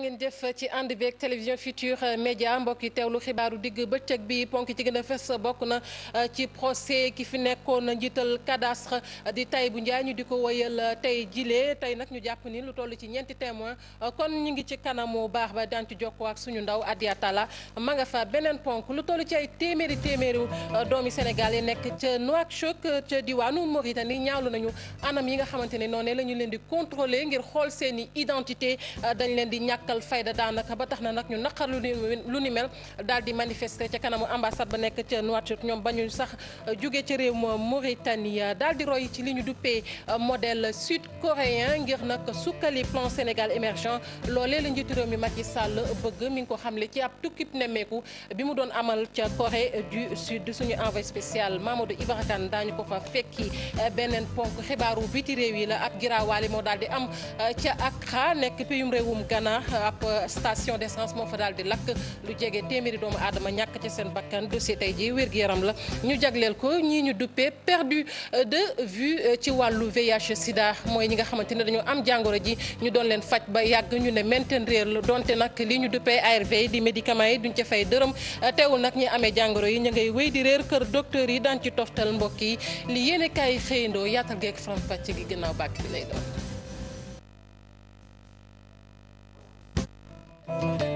ngeen jëf ci ànd beeg télévision Futurs Médias mbokk yi teewlu xibaaru digg bëccëg bi ponk ci gën a fës bokk na euh, ci procès ki fi nekkoon njiital cadastre di Tahibou Ndiaye ñu di ko woyal euh, tey jile tey nag ñu jàpp ni lu toll ci ñeenti témoin euh, kon ñu ngi ci kanamu baax ba daan ci jokkoo ak suñu ndaw Adia Talla ma nga fa beneen ponk lu toll ci ay téeméeri téeméeri doomi Sénégal yi nekk ca Nouakchott ca diwaanu Mauritanie ñaawlu nañu anam yi nga xamante ne noonu la ñu leen di contrôler ngir xool seen i ñàkkal fayda daanaka ba tax na nag ñu naqar lu ni lu ni mel daal di manifester ca ñu sax jóge ca réew Mauritanie daal di roy ci li ñu duppee modèle sud la njiitu réew mi Macky Sall bëgg mi ngi ko xamle ci ab tukkib nemmeeku bi mu doon amal ca Corée du Sud suñu envoyé spécial Mamadou Ibra Kane daañu ko fa fekki beneen ponk xibaaru biti réew yi la ab giraawaale moo daal di am ca Accra nekk peyum réewum Ghana ab euh, station d' essence moo fa daal di lakk lu jege téeméeri doomu aadama ñàkk ci seen bakkan dossier tey jii wér-gu-yaram la ñu jagleel ko ñii ñu duppee perdu euh, de vue euh, ci wàllu VIH sida mooy ñi nga xamante ne dañoo am jàngoro ji ñu doon leen faj ba yàgg ñu ne menten réer la donte nag li ñu duppee ARV di médicaments yi duñ ca fay dërëm teewul nag ñi amee jàngoro yi ñu ngay wéy di réer kër docteur yi daan ci toftal mbokk yi li yéene kaay xëyandoo yaatal geeg faram-fàcce gi gannaaw bàkk bi thank you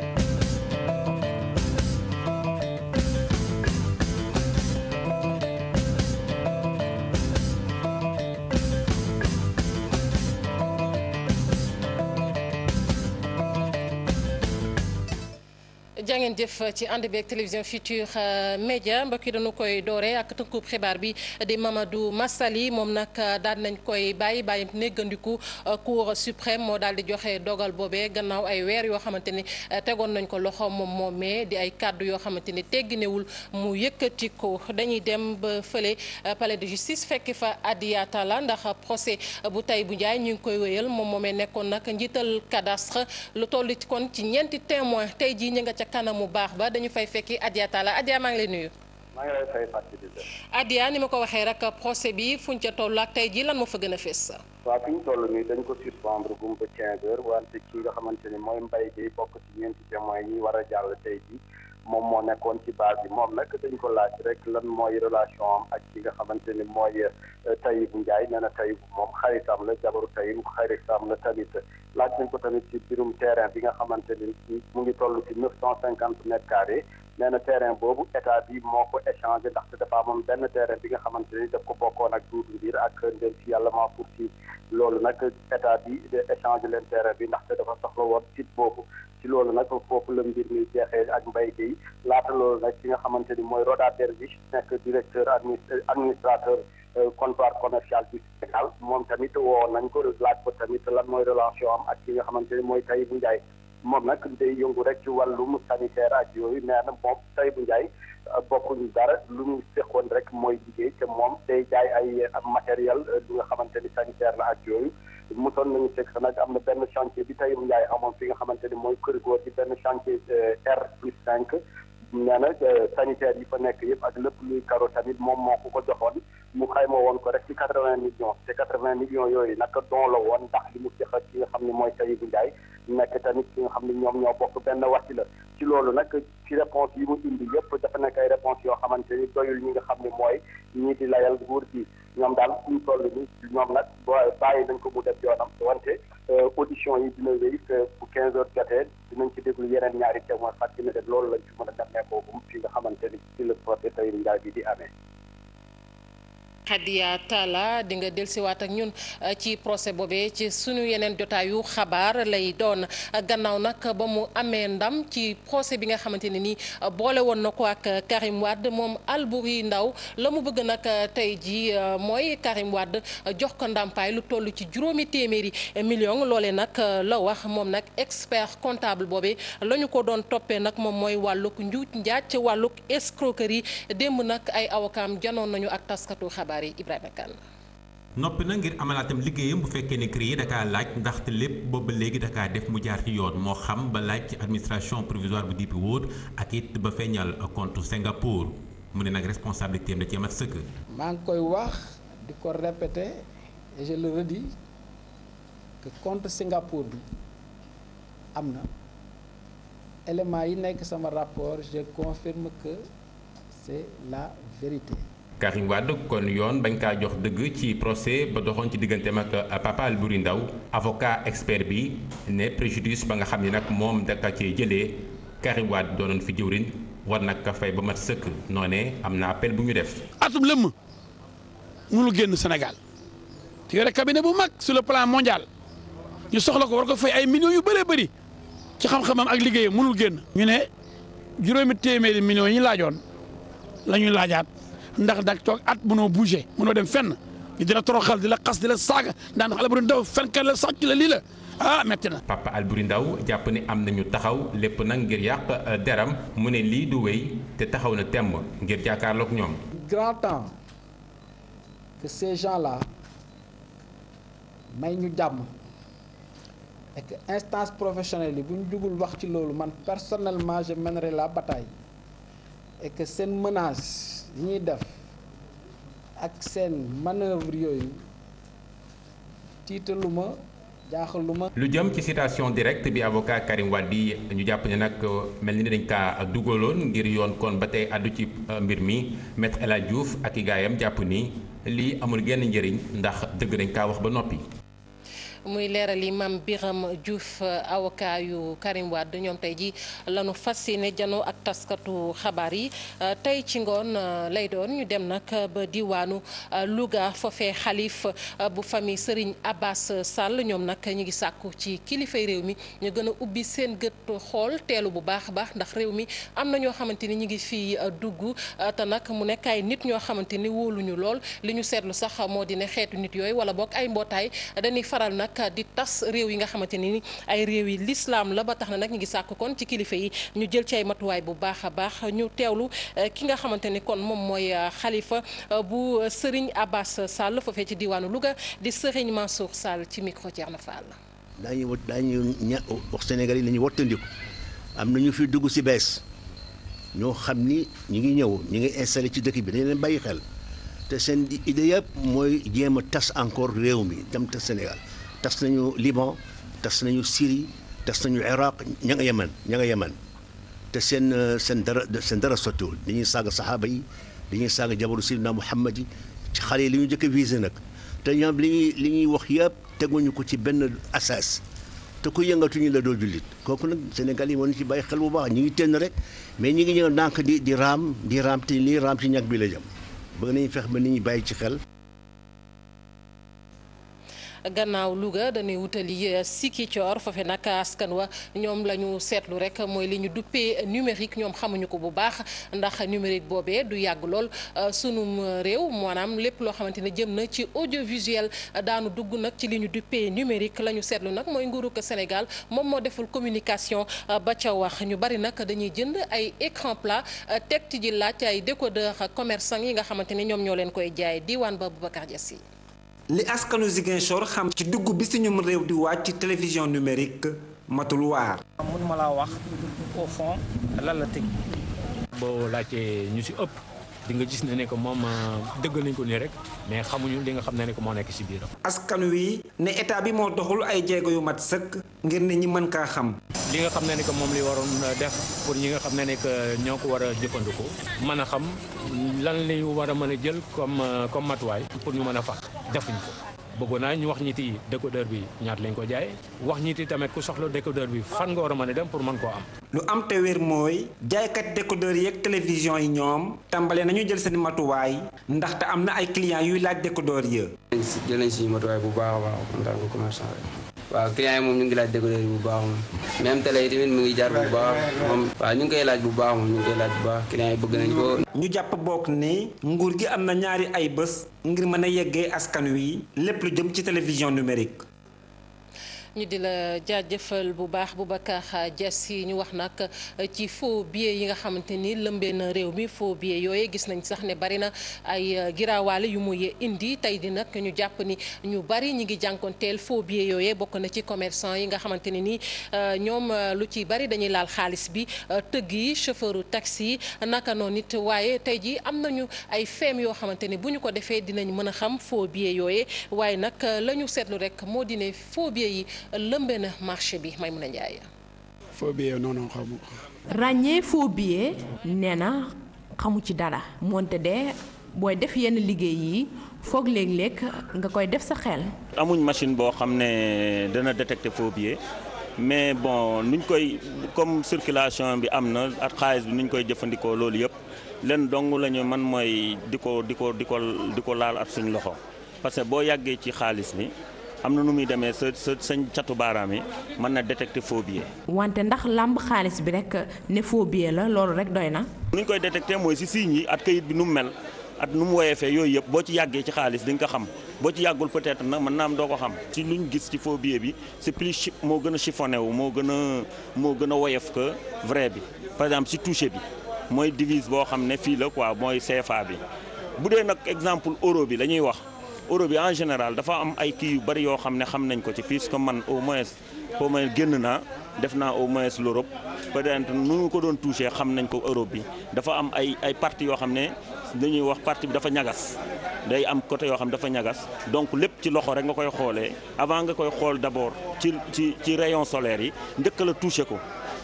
jàngeen jëf ci ànd bi ak télévision Futur euh, Média mbokk yi dañu koy doore ak tënkub xibaar bi di Mamadou Massali moom nag euh, daal nañ koy bàyyi bàyyi néggandiku euh, cour suprême moo daal di joxe dogal boobe gannaaw ay weer yoo xamante ni tegoon nañ ko loxo moom moomee di ay kàddu yoo xamante ni tegginewul mu yëkkati ko dañuy dem ba fële palais de justice fekk fa Adiata la ndax procès bu tey bu njaay ñu ngi koy wéyal moom moomee nekkoon nag njiital cadastre lu toll kon ci ñeenti témoin tey jii nga ca na mu baax ba dañu fay fekki Adja Talla Adja maa ngi lay nuyu. maa ngi ni ma ko waxee rek procès bi fuñ ca toll ak tey jii lan moo fa gën a fees waaw fi ñu toll nii dañ ko suspendre gum ba 15 heures wante ki nga xamante ni mooy mbay bi bokk ci ñeenti témoins yi war a jàll tey jii. moom moo nekkoon ci base bi moom nekk dañ ko laaj rek lan mooy relation am ak ki nga xamante ni mooy euh, Tayib Ndiaye nee na Tayib moom xaritam la jabaru Tayib xaritam la tamit laaj nañ ko tamit ci birum terrain bi nga xamante ni mu ngi toll ci neuf cent cinquante mètres carrés nee na terrain boobu état bi moo ko échangé ndaxte dafa amoon benn terrain bi nga xamante ni daf ko bokkoon ak Doudou Ndir ak ndem si yàlla maa pour si loolu nag état bi échangé leen terrain bi ndax ndaxte dafa soxla woon site boobu ci loolu nag foofu la mbir mi jeexee ak mbay gi laata loolu nag ki nga xamante ni mooy Roda Derviche nekk directeur administrateur euh, comptoir commercial du Sénégal moom tamit woo nañ ko laaj ko tamit lan mooy relation am ak ki nga xamante ni mooy Tahibou Ndiaye moom nag day yëngu rek ci wàllum sanitaire ak yooyu nee na moom bu Ndiaye euh, bokkuñu dara lu mu seqoon rek mooy liggéey te moom day jaay ay matériel lu euh, nga xamante ni sanitaire la ak yooyu mosoon nañu seq nag am na benn chantier bi Seydou Ndiaye amoon fi nga xamante ni mooy kër góor gi benn chantier euh, R plus 5. nee na euh, sanitaire yi fa nekk yëpp ak lëpp luy karo tamit moom moo ko ko joxoon mu xayma woon ko rek ci quatre vingt millions te quatre vingt millions yooyu naka don la woon ndax li mu seq ki nga xam ne mooy Sayibou Ndiaye nekk tamit ki nga xam ne ñoom ñoo bokk benn wàcc la ci loolu nag ci réponse yi mu indi yëpp dafa nekk ay réponse yoo xamante ni doyul ñi nga xam ne mooy ñii di layal nguur gi ñoom daal suñu toll ni ñoom nag boo bàyyi nañ ko mu def yoonam wante euh, audition yi dina wéy euh, bu 15 heures jotee dinañ ci déglu yeneen ñaari témoins fàttali ne loolu lañ ci mën a demee ko fi nga xamante ni ci le procès tey bi di amee. Hadia Talla di nga dellusiwaat ak ñun uh, ci procès boobe ci suñu yeneen jotaayu xabaar lay doon uh, gannaaw nag ba mu amee ndam ci procès bi nga xamante ne nii uh, boole woon na ko ak Karim Wade moom Alboury ndaw la mu bëgg nag tey ji mooy Karim Wade jox ko ndàmpaay lu toll ci juróomi téeméeri million loole nag la wax moom nag expert comptable boobee lañu ko doon toppee nag moom mooy wàllug njuuj njaaj ci wàllug escroquerie démb nag ay awakaam janoon nañu ak taskatu xabaar xibaar yi Ibrahima noppi na ngir amalaatam liggéeyam bu fekkee ne CREI da kaa laaj ndaxte lépp booba léegi da def mu jaar ci yoon moo xam ba laaj ci administration provisoire bu DP World ak it ba feeñal compte Singapour mu ne nag responsabilité am da cee mat sëkk. maa ngi koy wax di ko répété et je le redis que compte Singapour bi am na éléments yi nekk sama rapport je confirme que c'est la vérité. Karim Wade kon yoon bañ kaa jox dëgg ci procès ba doxoon ci digganteem ak euh, Papa buri Ndaw avocat expert bi ne préjudice ba nga xam ni nag moom da ka cee jëlee Karim Wade doonoon fi jëwriñ war nag ka fay ba mat sëkk noonee am na appel bu ñu def. atum lëmm mënul génn Sénégal te yore cabinet bu mag su le plan mondial ñu soxla ko war ko fay ay millions yu bare bari ci xam-xamam ak liggéeyam mënul génn. ñu ne juróomi téeméeri millions yi ñu laajoon la ñuy ndax dak toog at mënoo bougé mënoo dem fenn di la toroxal di la xas di la saaga ndax xale bu doon daw fenkat la sàcc la lii la ah metti na. Papa Albouri jàpp ni am na ñu taxaw lépp nag ngir yàq euh, deram mu ne lii du wéy te taxaw na temb ngir jàkkaarloog ñoom. grand temps que ces gens là may ñu jàmm et que instance professionnelle yi bu ñu wax ci loolu man personnellement je mènerai la bataille. et seen mënaas yi ñuy def ak seen manœuvre yooyu tiitaluma jaaxaluma. lu jëm ci citation direct bi avocat Karim Wade bi ñu jàpp ne nag euh, mel ni dañ kaa dugaloon ngir yoon kon ba tey àddu ci euh, mbir mi maître El Hadj Diouf ak i gaayam jàpp ni lii amul genn njëriñ ndax dëgg dañ kaa wax ba noppi. muy leeral yi Mame Birame Diouf awokaa yu Karim Wade ñoom tey ji lanu fas yéene janoo ak taskatu xabaar yi tey ci ngoon uh, lay doon ñu dem nag uh, ba diwaanu uh, Louga fofe xalif bu famille Serigne Abbas Sall ñoom nag ñu ngi sàkku ci kilifay réew mi ñu gën a ubbi seen gët xool teelu bu baax baax ndax réew mi am na ñoo xamante ni ñu ngi fii dugg te nag mu nekk ay nit ñoo xamante ni wóoluñu lool li ñu seetlu sax moo di ne xeetu nit yooyu wala boog ay mbootaay dañuy faral nag di tas réew yi nga xamante ni ay réew yi lislaam la ba tax na nag ñu ngi sàkk kon ci kilifa yi ñu jël ci ay matuwaay bu baax a baax ñu teewlu eh, ki nga xamante ni kon moom mooy eh, xalifa eh, bu sëriñ Serigne Abbas Sall foofee ci diwaanu Louga di Serigne Mansour Sall ci micro Thierno Fall. daañu wut daañu ña wax Sénégal yi nañu wattandiku am na ñu fi dugg si bees ñoo xam ni ñu ngi ñëw ñu ngi installé ci dëkk bi dañu leen bàyyi xel te seen idée yëpp mooy jéem tas encore réew mi dem tas tas nañu Liban tas nañu siri tas nañu Iraq ña nga Yemen ña nga Yemen te seen euh, seen dara seen dara sottiwul dañuy saaga saxaaba yi dañuy saaga jabaru Seydina Muhammad yi ci xale yi li ñu njëkk a visé nag te ñoom li li ñuy wax yëpp teguñu ko ci benn asas te ku yëngatuñu la doo jullit kooku nag Sénégal yi moo ci bàyyi xel bu baax ñu ngi tenn rek mais ñu ngi ñëw ndànk di di raam di raam te lii raam ci ñàkk bi la jëm bëgg nañu feex ba nit ñi bàyyi ci xel. gannaaw Louga dañuy yi euh, Sikicoor foofe nag askan wa ñoom la ñu seetlu rek mooy li ñu duppee numérique ñoom xamuñu ko bu baax ndax numérique boobee du yàgg lool euh, sunum réew maanaam lépp loo xamante ne jëm na ci audiovisuel euh, daanu dugg nag ci li ñu duppee numérique la ñu seetlu nag mooy nguurug Sénégal moom moo deful communication ba ca wax ñu bari nag dañuy jënd ay écran plat teg ji laaj ay décodeur commerçant yi nga xamante ne ñoom ñoo leen koy jaay diwaan ba Boubacar Diassi li askanu Ziguinchor xam ci dugg bi suñu réew di wàcc ci télévision numérique matul waar. mën ma laa wax au fond lan la teg. bo laajtee ñu si ëpp. di nga gis ne ne ko moom euh, dëgg nañ ko nii rek mais xamuñu li nga xam ne ne ko moo nekk ci biiram. askan wi ne état bi moo doxul ay jéego yu mat sëkk ngir ne ñi mën kaa xam. li nga xam ne ne que moom li waroon euh, def pour ñi nga xam ne ne euh, ñoo ko war a jëfandikoo mën a xam lan lañu war a mën a jël comme comme matuwaay pour ñu mën a fax defuñ ko. bëggoon naa ñu wax ñi ti décodeur bi ñaat lañ ko jaay wax ñi ti tamit ku soxla décodeur bi fan nga war a mën a dem pour mën koo am. lu am te wér mooy jaaykat décodeur yeeg télévision yi ñoom tàmbale nañu jël seen matuwaay ndaxte am na ay clients yuy laaj décodeur yi. dinañ si jëlee si matuwaay bu baax a waaw client yi moom ñu ngi laaj décoder bu baax moom même télé yi mu ngi jaar bu baax moom waaw ñu ngi koy laaj bu baax moom ñu ngi koy laaj bu baax client yi bëgg nañ ko. ñu jàpp bokk ne nguur gi am na ñaari ay bés ngir mën a yeggee askan wi lépp lu jëm ci télévision numérique ñu di la jaajëfal bu baax bu Boubacar Dias yi ñu wax nag ci faux billets yi nga xamante ni lëmbee na réew mi faux billets yooyu gis nañ sax ne bari na ay giraawaale yu muy indi tey di nag ñu jàpp ni ñu bari ñi ngi jànkonteel faux billets yooye bokk na ci commerçant yi nga xamante ne ni euh, ñoom euh, lu ci bari dañuy laal xaalis bi euh, tëgg yi chauffeuru taxi yi naka noon nit waaye tey jii am nañu ay feem yoo xamante ni bu ñu ko defee dinañ mën a xam faux billets yooyu waaye nag la ñu seetlu rek moo di yi lëmbee na marché bi Maimouna Ndiaye. faux billet non non xamu ràññee faux nee na xamu ci dara moonte de booy def yenn liggéey yi foog léeg-léeg nga koy def sa xel. amuñ machine boo xam ne dana détecter faux mais bon nuñ koy comme circulation bi am na ak xaalis bi nuñ koy jëfandikoo loolu yëpp leen dong la man mooy di ko di ko di ko di ko laal ak suñ loxo parce que boo yàggee ci xaalis bi. am na nu muy demee sa sa sañ catu baaraam yi mën na détecter faux billet. wante ndax làmb xaalis bi rek ne faux billet la loolu rek doy na. nu ñu koy détecter mooy si signes yi at kayit bi nu mu mel at nu mu woyefee yooyu yëpp boo ci yàggee ci xaalis di ko xam boo ci yàggul peut-être nag mën naa am doo ko xam. ci lu ñu gis ci faux bi si plus moo gën a chiffonné wu moo gën a moo gën a woyef ko vrai bi par exemple si touché bi mooy divise boo xam ne fii la quoi mooy CFA bi bu dee nag exemple euro bi la ñuy wax. euro bi en général dafa am ay kii yu bëri yoo xam ne xam nañ ko ci puisque man au moins au moins génn naa def naa au moins l'Europe peut-être nu ko doon touché xam nañ ko Europe bi dafa am ay ay parti yoo xam ne dañuy wax partie bi dafa ñagas day am côté yoo xam ne dafa ñagas donc lépp ci loxo rek nga koy xoolee avant nga koy xool d'abord ci ci ci rayon solaire yi njëkk la touché ko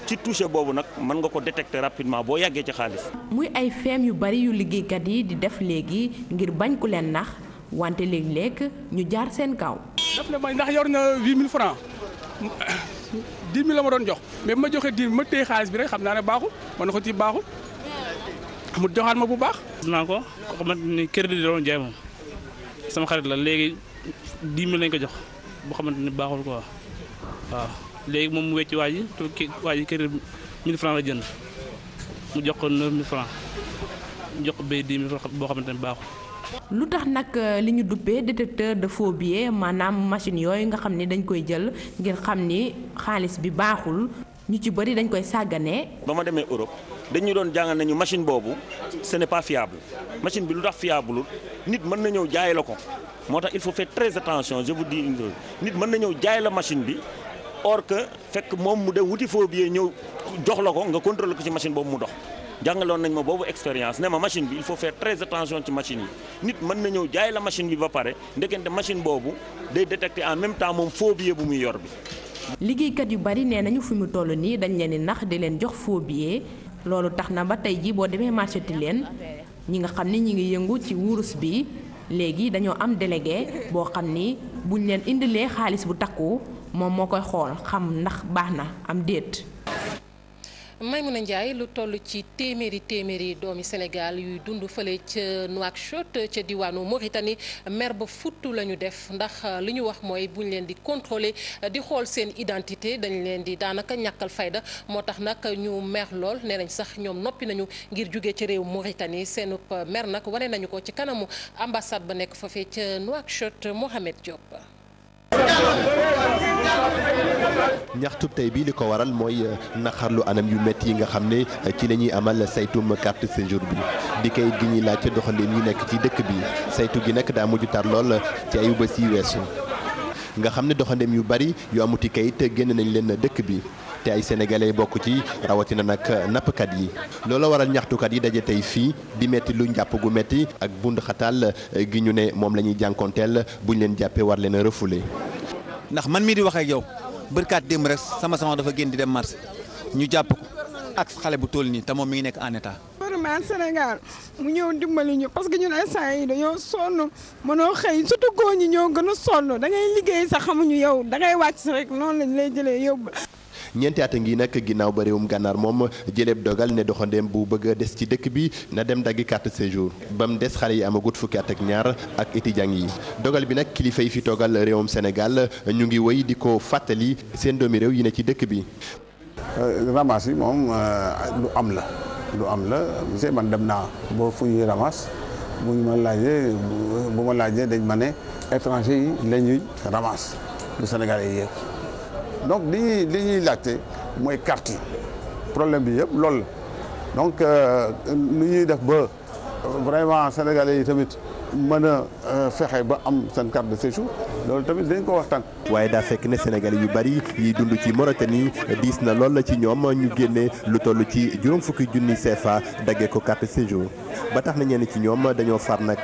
ci touché boobu nag mën nga ko détecter rapidement boo yàggee ci xaa muy ay yu bari yu liggéeykat di def léegi ngir bañ ku leen nax. wante léeg-léeg ñu jaar seen kaw. daf ne ma ndax yor na 8000 francs 10 000 la ma doon jox mais ma joxee 10 ma téye bi rek xam naa ne baaxul ma ko ci baaxul mu joxaat ma bu baax. gis naa ko koo xamante ni crédit la la léegi 10 lañ ko jox boo xamante ni baaxul quoi waaw léegi moom mu wecc waa ji te kii waa ji crédit 1000 francs la jënd mu jox ko 9000 francs jox ko bay 10 000 boo xamante ni baaxul. lu tax nag euh, li ñu duppee détecteur de faux billets maanaam machine yooyu nga xam ni dañ koy jël ngir xam ni xaalis bi baaxul ñu ci bëri dañ koy sàgganee. ba ma demee Europe dañu doon jàngal nañu machine boobu ce n'est pas fiable machine bi lu tax fiable nit mën na ñëw jaay la ko moo tax il faut faire très attention je di dis nit mën na ñëw jaay la machine bi or que fekk moom mu dem wuti faux ñëw jox la ko nga contrôler ko ci machine boobu mu dox. jàngaloon nañ ma boobu expérience ne ma machine bi il faut faire très attention ci machine yi nit mën na ñëw jaay la machine bi ba pare ndekente machine boobu day détecter en même temps moom faux billet bu muy yor bi. liggéeykat yu bari nee nañu fi mu toll nii dañ leen di nax di leen jox faux billet loolu tax na ba tey jii boo demee marché ti leen ñi nga xam ni ñi ngi yëngu ci wurus bi léegi dañoo am délégué boo xam ni buñ leen indilee xaalis bu takku moom moo koy xool xam ndax baax na am déet. Maimouna Ndiaye lu toll ci téeméeri téeméeri doomi Sénégal yuy dund fële ca Nouakchott ca diwaanu Mauritanie mer ba futtu la ñu def ndax euh, li ñu wax mooy bu buñ leen di contrôler euh, di xool seen identité dañ leen di daanaka ñàkkal fayda moo tax nag ñu mer lool nee nañ sax ñoom noppi nañu ngir jóge ci réew Mauritanie seen euh, mer nag wane nañu ko ci kanamu ambassade ba nekk foofee ca Nouakchott Mohamed Diop. ñaxtu tey bii li ko waral mooy euh, naqarlu anam yu métti yi nga xam ne euh, ci la ñuy amal saytum carte séjour bi di kayit gi ñuy laaj doxalin yi nekk ci dëkk bi saytu gi nag daa mujj tar lool euh, ci ayu bés yi weesu nga xam ne doxandem yu bari yu amuti kayit génn nañ leen dëkk bi te ay sénégalais bokk ci rawatina nag nappkat yi loola waral ñaxtukat yi daje tey fii di metti lu njàpp gu metti ak bund gi ñu ne moom la ñuy jànkoonteel buñ leen jàppee war leen a ndax man mii di wax ak yow bërkaat démb rek sama sama dafa génn di dem marché ñu jàpp ko ak xale bu toll nii te moom mi ngi nekk en état. gouvernement Sénégal mu ñëw dimbali ñu parce que ñun instant yi dañoo sonn mënoo xëy surtout góor ñi ñoo gën a sonn da ngay liggéey sax xamuñu yow da ngay wàcc rek noonu lañ lay jëlee yóbbu. ñeenti at a ngi nag ginnaaw ba réewum gànnaar moom jëleeb dogal ne doxandeem bu bëgg des ci dëkk bi na dem daggi carte séjour ba mu des xale yi amagut fukki at ñaar ak étudiants yi dogal bi nag kilifa yi fi toogal réewum Sénégal ñu ngi woy di ko fàttali seen doomi réew yi ne ci dëkk bi. Euh, ramas yi moom euh, lu am la lu am la monsieur man dem naa ba fu ñuy ramas bu ñu ma laajee bu ma laajee dañ ma ne étranger yi la ñuy ramas du Sénégal yi donc li ñuy li ñuy laajte mooy carte yi problème bi yëpp loolu la donc euh, nu ñuy def ba euh, vraiment sénégalais yi tamit mën a euh, fexe ba am seen carte de séjour loolu tamit dañ ko waxtaan. waaye daa fekk ne Sénégal yu bari yiy dund ci Mauritanie diis na lool la ci ñoom ñu génne lu toll ci juróom fukki junni CFA daggee ko carte séjour. ba tax na ñenn ci ñoom dañoo far nag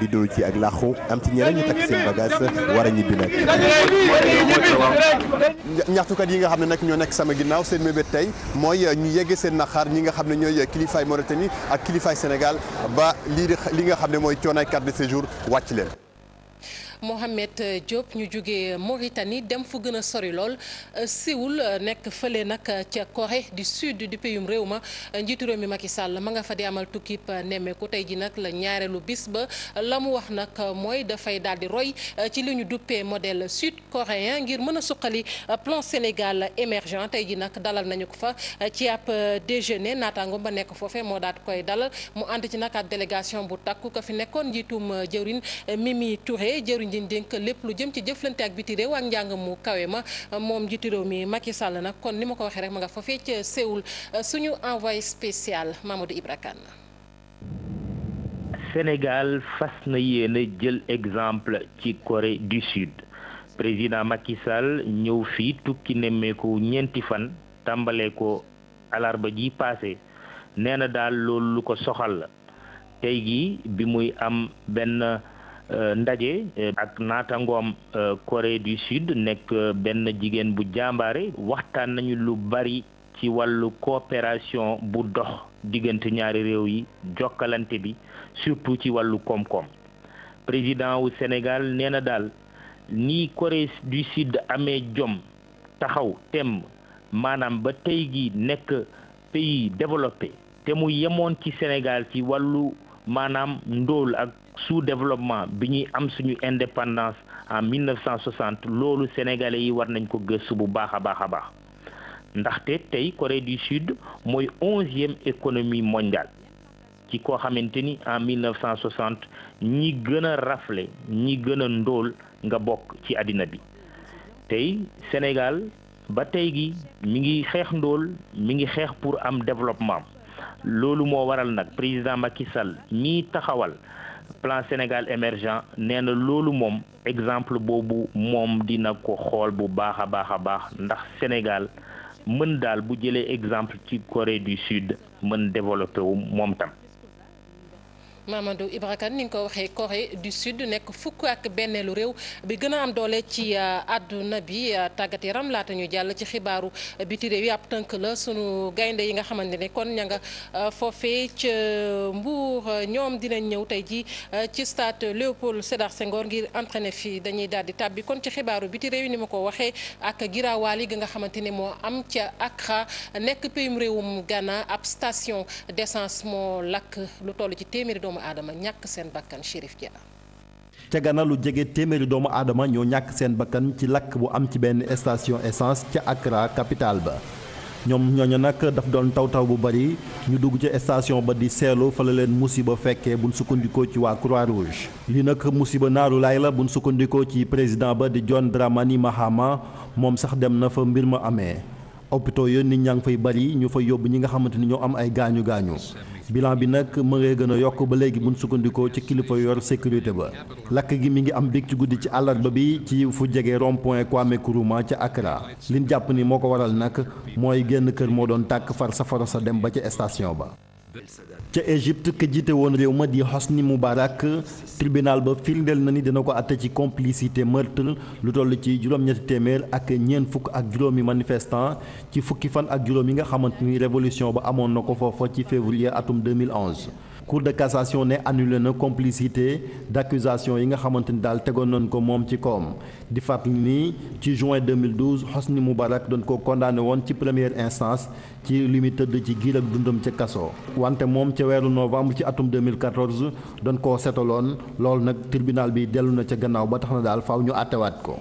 di dund ci ak làqu am ci ñeneen ñu takk seen bagage wara a ñibbi nag. ñaxtukat yi nga xam ne nag ñoo nekk sama ginnaaw seen mébét tey mooy ñu yegge seen naqar ñi nga xam ne ñooy kilifaay Mauritanie ak kilifaay Sénégal ba lii li nga xam ne mooy coonaay carte de séjour wàcc leen. Mohamed euh, Diop ñu jógee Mauritanie dem fu gën a sori lool euh, siwul euh, nekk fële nag ca Corée du Sud du péyum réew ma njiitu réew mi Macky ma nga fa di amal tukkib nemmeeku tey ji nag ñaareelu bis ba la mu wax nag mooy dafay daal di roy ci lu ñu duppee modèle sud coréen ngir mën a suqali plan Sénégal émergent tey ji nag dalal nañu ko fa ci ab déjeuner naataango ba nekk foofee moo daal koy dalal mu ànd ci nag ab délégation bu takku ko fi nekkoon njiitum jëwriñ Mimi Touré jëwriñ leen dénk lépp lu jëm ci jëflante ak biti réew ak njàng mu kawe ma moom njiitu réew mi Macky Sall nag kon ni ma ko waxee rek ma nga suñu envoyé spécial Mamadou Ibra Kane Sénégal fas na yéene jël exemple ci Corée du Sud président Macky Sall ñëw fii tukki nemmeeku ñeenti fan tàmbalee ko alarba ji paase nee na daal loolu lu ko soxal la tey gi bi muy am benn Euh, ndaje euh, ak naataangoom euh, Corée du Sud nekk benn jigéen bu jàmbaare waxtaan nañu lu bari ci wàllu coopération bu dox diggante ñaari réew yi jokkalante bi surtout ci wàllu koom-koom président wu Sénégal nee na daal ni Corée du Sud amee jom taxaw tem maanaam ba tey gi nekk pays développé te mu yemoon ci Sénégal ci wàllu maanaam ndóol ak sous développement bi ñuy am suñu indépendance en 1960 loolu sénégalais yi war nañ ko gëstu bu baax a baax a baax ndaxte tey Corée du Sud mooy onzième économie mondiale ci koo xamante ni en 1960 ñi gën a rafle ñi gën a ndóol nga bokk ci àddina bi tey Sénégal ba tey gi mi ngi xeex ndool mi ngi xeex pour am développement loolu moo waral nag président Macky Sall ñi taxawal. plan Sénégal émergent nee na loolu moom exemple boobu moom dina ko xool bu baax a baax a baax ndax Sénégal mën daal bu jëlee exemple ci Corée du Sud mën développé wu moom tam Mamadou Ibra ni nga ko waxee Corée du Sud nekk fukk ak benneelu réew bi gën a am doole ci uh, àdduna bi uh, tàggat yaram laata ñu jàll ci xibaaru biti réew yi ab tënk la sunu gaynde yi nga xamante ne kon ña nga uh, foofee ca Mbour ñoom dinañ ñëw tey ji ci stade Léopold Sédar Senghor ngir entraîné fii dañuy daal di tàbbi kon ci xibaaru biti réew yi ni ma ko waxee ak giraawaal yi nga xamante ni moo am ca Accra nekk payum réewum Ghana ab station d'essence moo lakk lu toll ci téeméeri doomu aadama ñàkk seen bakkan Chérif Dia ca Ghana lu jege téeméeri doomu aadama ñoo ñàkk seen bakkan ci lakk bu am ci benn station essence ca Accra capitale ba ñoom ñooñu nag daf doon taw taw bu bari ñu dugg ca station ba di seelu fa la leen musiba fekkee buñ sukkandikoo ci waa croix rouge. li nag musiba naaru laay la buñ sukkandikoo ci président ba di John Dramani Mahama moom sax dem na fa mbir ma amee hôpitaux yoon nit ñaa ngi fay bari ñu fa yóbbu ñi nga xamante ni ñoo am ay gaañu gaañu. bilan bi nag ma ngay gën a yokk ba léegi mun sukkandikoo ci kilifa yor sécurité ba lakk gi mi ngi am bég ci guddi ci àllarba bi ci fu jege rond point Kwame Nkrumah ca Accra liñ jàpp ni moo ko waral nag mooy génn kër moo doon tàkk far safara sa dem ba ca station ba ca Égypte ka jiite woon réew ma di Hosni Moubarak tribunal ba firndeel na ni dina ko àtte ci complicité meurtre lu toll ci juróom-ñetti téeméer ak ñeent fukk ak juróomi manifestant ci fukki fan ak juróom yi nga xamante ni révolution ba amoon na ko foofa ci février atum 2011 cour de cassation ne annulé na complicité d'accusation yi nga xamante ni daal tegoon nañ ko moom ci koom di fàttali ni ci juin 2012 Hosni Moubarak doon ko condamné woon ci première instance ci li mu tëdd ci giir ak dundam ca kaso. wante moom ca weeru novembre ci atum 2014 doon koo seetaloon loolu nag tribunal bi dellu na ca gannaaw ba tax na daal faw ñu àttewaat ko.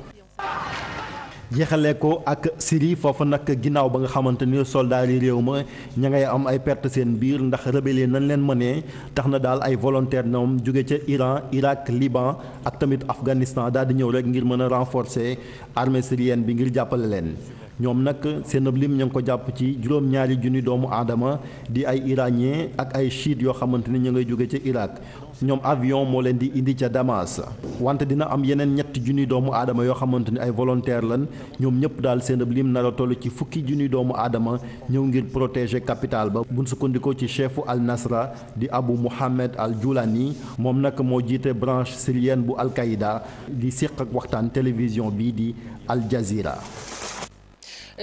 jeexalee ko ak Syrie foofa nag ginnaaw ba nga xamante ni soldaar yi réew ma ña ngay am ay perte seen biir ndax rébellion nañ leen ma mënee tax na daal ay volontaire ñoom jóge ca Iran Irak Liban ak tamit Afghanistan daal di ñëw rek ngir mën a renforcer armée syrienne bi ngir jàppale leen. ñoom nag seen lim ña ngi ko jàpp ci juróom-ñaari junni doomu aadama di ay iranien ak ay chiites yoo xamante ni ñu ngay jóge ca Irak. ñoom avion moo leen di indi ca Damas wante dina am yeneen ñetti junni doomu aadama yoo xamante ni ay volontaire lan ñoom ñëpp daal seen ab lim nar a toll ci fukki junni doomu aadama ñëw ngir protéger capitale ba bun sukkandikoo ci chefu al Nasra di Abu Mohamed al Julani moom nag moo jiite branche syrienne bu Al Qaïda di séq ak waxtaan télévision bii di Al Jazeera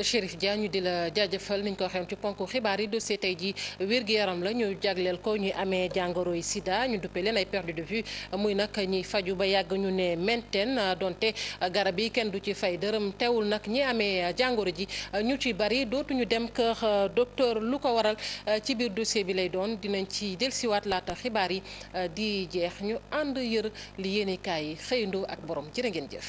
Chérif Dia ñu di la jaajëfal niñ ko waxee ci ponk xibaar yi dossier tey ji wér-gu-yaram la ñu jagleel ko ñu amee jàngoro yi sida ñu duppee leen ay perdu de vue muy nag ñiy faju ba yàgg ñu ne menten donte garab yi kenn du ci fay dërëm teewul nag ñi amee jàngoro ji ñu ci bari dootuñu dem kër docteur lu ko waral ci biir dossier bi lay doon dinañ ci delsiwaat laata xibaar yi di jeex ñu ànd yër li yéenekaay yi xëyandoo ak borom jërë ngeen jëf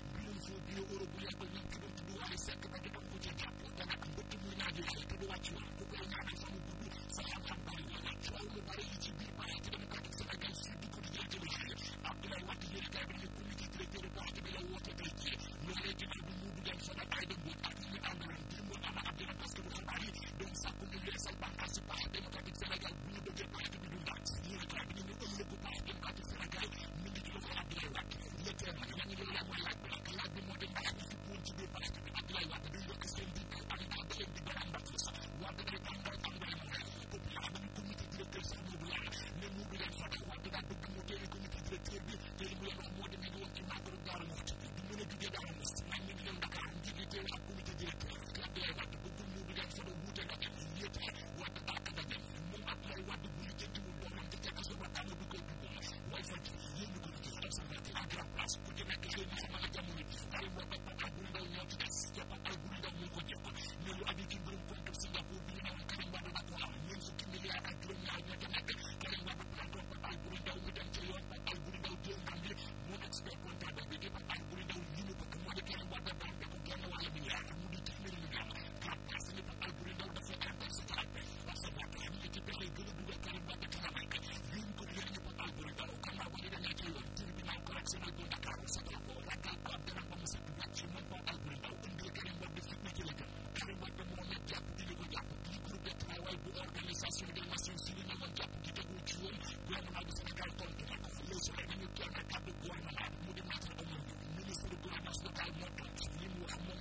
gouvernement du Sénégal tontu na ko le jour dañu kenn kàddu gouvernement bi mu di maître Amadou ministre gouvernance locale moo tontu li mu wax moom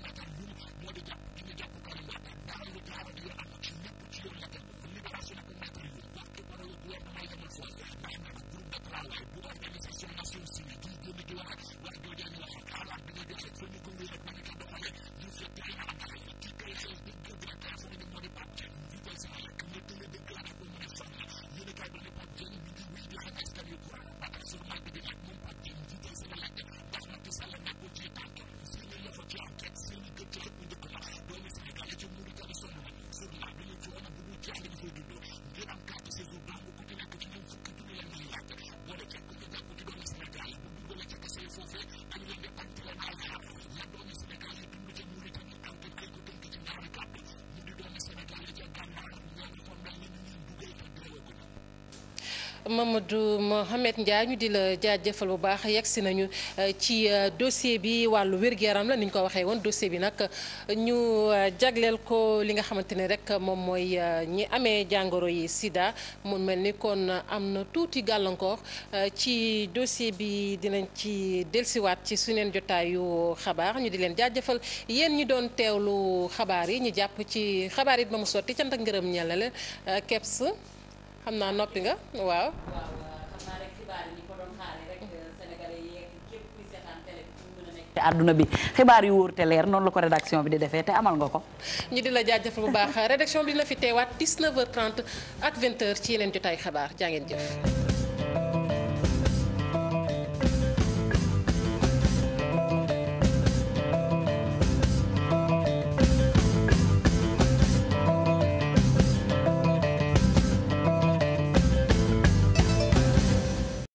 Mamadou Mohamed Ndiaye ñu di la jaajëfal bu baax yegsi nañu euh, ci euh, dossier bi wàllu wér-gu-yaram la ni ñu ko waxee woon dossier bi nag ñu euh, jagleel ko li nga xamante ne rek moom mooy ñi amee jàngoro yi Sida mu mel ni kon am na tuuti gàllankoor ci dossier bi dinañ ci delsiwaat ci suneen jotaayu xabaar ñu di leen jaajëfal yéen ñi doon teewlu xabaar yi ñu jàpp ci xabaar it ba mu sotti cant ak ngërëm ñàllale keps xam naa noppi nga waaw. te àdduna bi xibaar yu wóor te leer noonu la ko rédaction bi di defee te amal nga ko. ñu di la jaajëfal bu baax rédaction bi dina fi teewaat 19h30 ak 20 ci yeneen jotaay xibaar jaa ngeen jëf.